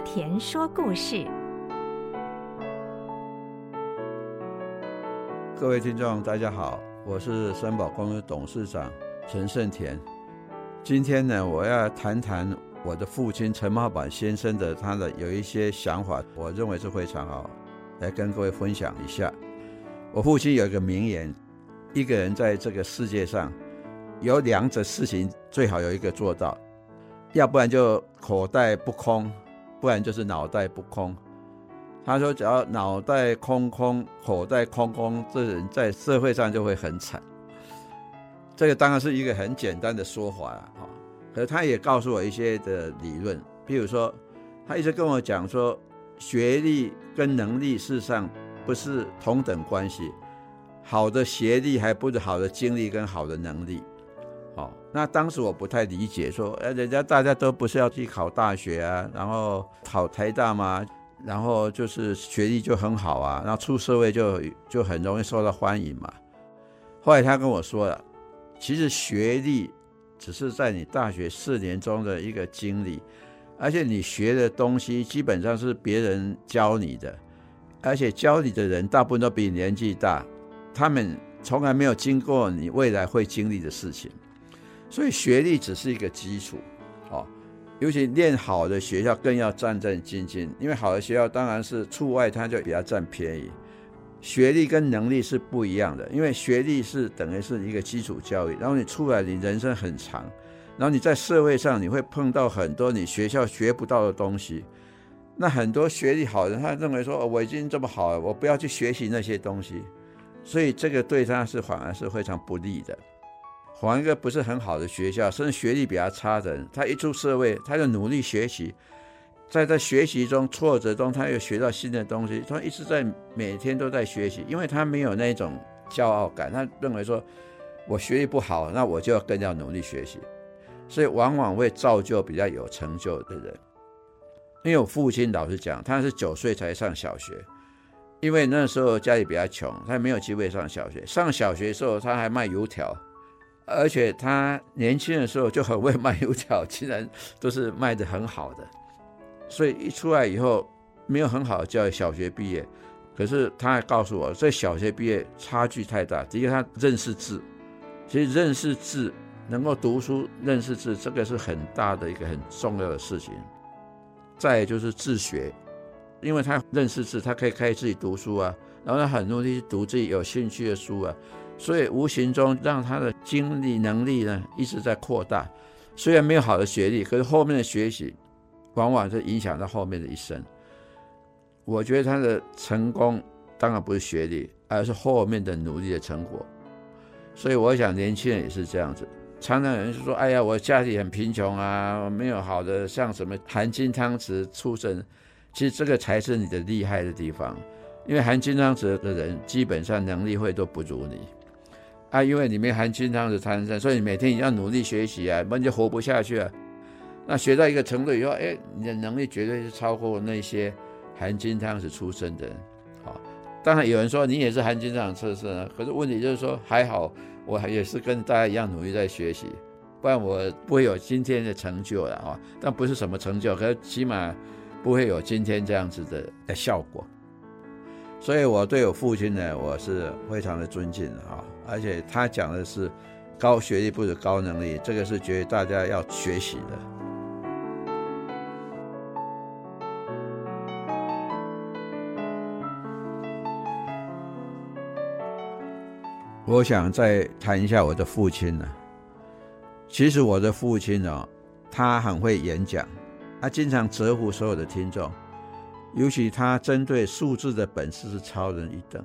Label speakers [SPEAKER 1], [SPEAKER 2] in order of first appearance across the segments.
[SPEAKER 1] 阿沺說故事，各位聽眾，大家好，我是聲寶公司董事長陳盛沺。今天呢，我要談談我的父親陳茂榜先生的他的有一些想法，我認為是非常好，來跟各位分享一下。我父親有一個名言：一個人在這個世界上，有兩者事情最好有一個做到，要不然就口袋不空。不然就是腦袋不空。他說：“只要腦袋空空、口袋空空，這人在社會上就會很慘。”這個當然是一個很簡單的說法了啊。可是他也告訴我一些的理論，比如說，他一直跟我講說，學歷跟能力事實上不是同等關係，好的學歷還不如好的經歷跟好的能力。哦，那當時我不太理解，說，哎，人家大家都不是要去考大學啊，然後考台大嘛，然後就是學歷就很好啊，那出社會就就很容易受到歡迎嘛。後來他跟我說了，其實學歷只是在你大學四年中的一個經歷，而且你學的東西基本上是別人教你的，而且教你的人大部分都比你年紀大，他們從來沒有經過你未來會經歷的事情。所以學歷只是一個基礎，啊、哦，尤其念好的學校更要戰戰兢兢，因為好的學校當然是出外他就比較占便宜。學歷跟能力是不一樣的，因為學歷是等於是一個基礎教育，然後你出來你人生很長，然後你在社會上你會碰到很多你學校學不到的東西。那很多學歷好的人他認為說，哦，我已經這麼好了，我不要去學習那些東西，所以這個對他是反而是非常不利的。上一個不是很好的學校，甚至學歷比較差的人，他一出社會，他就努力學習，在他學習中、挫折中，他又學到新的東西。他一直在每天都在學習，因為他沒有那種驕傲感。他認為說，我學歷不好，那我就要更加努力學習。所以往往會造就比較有成就的人。因為我父親老實講，他是九歲才上小學，因為那時候家裡比較窮，他沒有機會上小學。上小學的時候，他還賣油條。而且他年輕的時候就很會賣油條，竟然都是賣得很好的。所以一出來以後沒有很好的教育，小學畢業。可是他還告訴我，在小學畢業差距太大，第一個他認識字，所以認識字能夠讀書，認識字這個是很大的一個很重要的事情。再就是自學，因為他認識字，他可以開始自己讀書啊，然後他很努力去讀自己有興趣的書啊。所以無形中讓他的精力能力呢，一直在擴大，雖然沒有好的學歷，可是後面的學習往往是影響到後面的一生。我覺得他的成功當然不是學歷，而是後面的努力的成果。所以我想年輕人也是這樣子，常常有人說：“哎呀，我家裡很貧窮啊，我沒有好的像什麼含金湯匙出身。”其實這個才是你的厲害的地方，因為含金湯匙的人基本上能力會都不如你。啊，因為你沒有含金湯匙出生，所以你每天也要努力學習啊，不然就活不下去啊。那學到一個程度以後，誒你的能力絕對是超過那些含金湯匙出身的人啊、哦。當然有人說你也是含金湯匙出身，可是問題就是說還好，我也是跟大家一樣努力在學習，不然我不會有今天的成就了。啊、哦。但不是什麼成就，可是起碼不會有今天這樣子的的效果。所以我對我父親呢，我是非常的尊敬啊。哦而且他講的是高學歷，不是高能力，這個是覺得大家要學習的。 我想再談一下我的父親呢、啊。其實我的父親哦，他很會演講，他經常折服所有的聽眾，尤其他針對數字的本事是超人一等。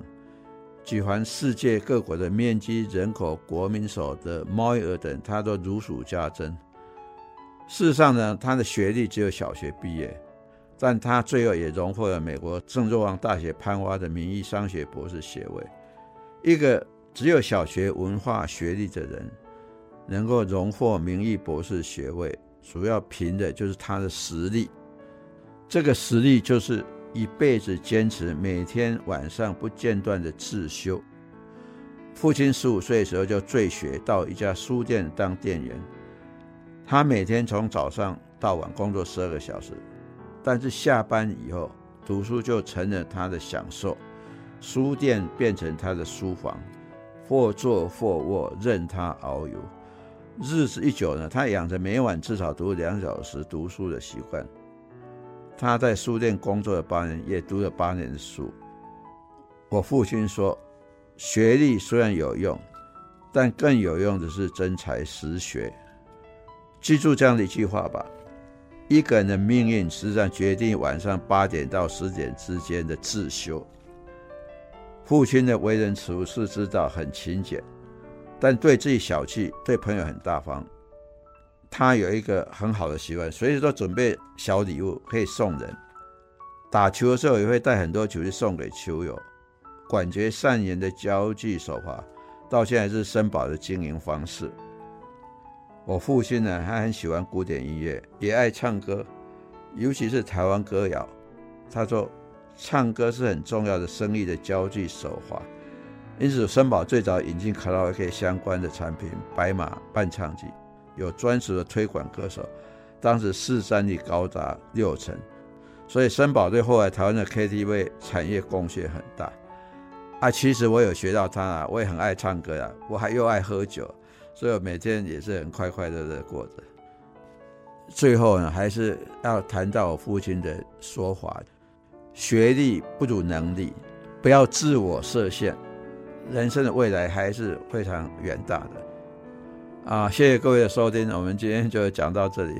[SPEAKER 1] 舉凡世界各國的面積、人口、國民所得貿易額等，他都如數家珍。事實上呢，他的學歷只有小學畢業，但他最後也榮獲了美國聖約翰大學頒發的名譽商學博士學位。一個只有小學文化學歷的人，能夠榮獲名譽博士學位，主要憑的就是他的實力。這個實力就是。一輩子堅持每天晚上不間斷的自修。父親十五歲的時候就輟學到一家書店當店員，他每天從早上到晚工作十二個小時，但是下班以後讀書就成了他的享受，書店變成他的書房，或坐或臥任他遨遊。日子一久呢，他養成每晚至少讀兩小時讀書的習慣。他在書店工作了八年，也讀了八年的書。我父親說，學歷雖然有用，但更有用的是真才實學。記住這樣的一句話吧：一個人的命運，實際上決定晚上八點到十點之間的自修。父親的為人處事之道很勤儉，但對自己小氣，對朋友很大方。他有一個很好的習慣，隨時都準備小禮物可以送人。打球的時候也會帶很多球去送給球友。廣結善緣的交際手法，到現在是聲寶的經營方式。我父親呢，他很喜歡古典音樂，也愛唱歌，尤其是台灣歌謠。他說唱歌是很重要的生意的交際手法。因此，聲寶最早引進卡拉 OK 相關的產品——白馬伴唱機。有專屬的推廣歌手，當時市占率高達六成，所以森寶對後來台灣的 KTV 產業貢獻很大。啊，其實我有學到他啊，我也很愛唱歌啊，我還又愛喝酒，所以我每天也是很快快樂樂過的。最後呢，還是要談到我父親的說法：學歷不如能力，不要自我設限，人生的未來還是非常遠大的。啊，謝謝各位的收聽，我們今天就講到這裡。